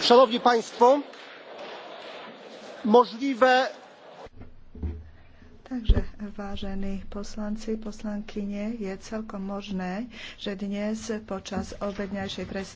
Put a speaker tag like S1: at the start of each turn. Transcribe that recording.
S1: Szanowni Państwo, możliwe.
S2: Takže, vážení poslanci, poslankyne, je celkom možné, že dnes počas obedňajšej prestávky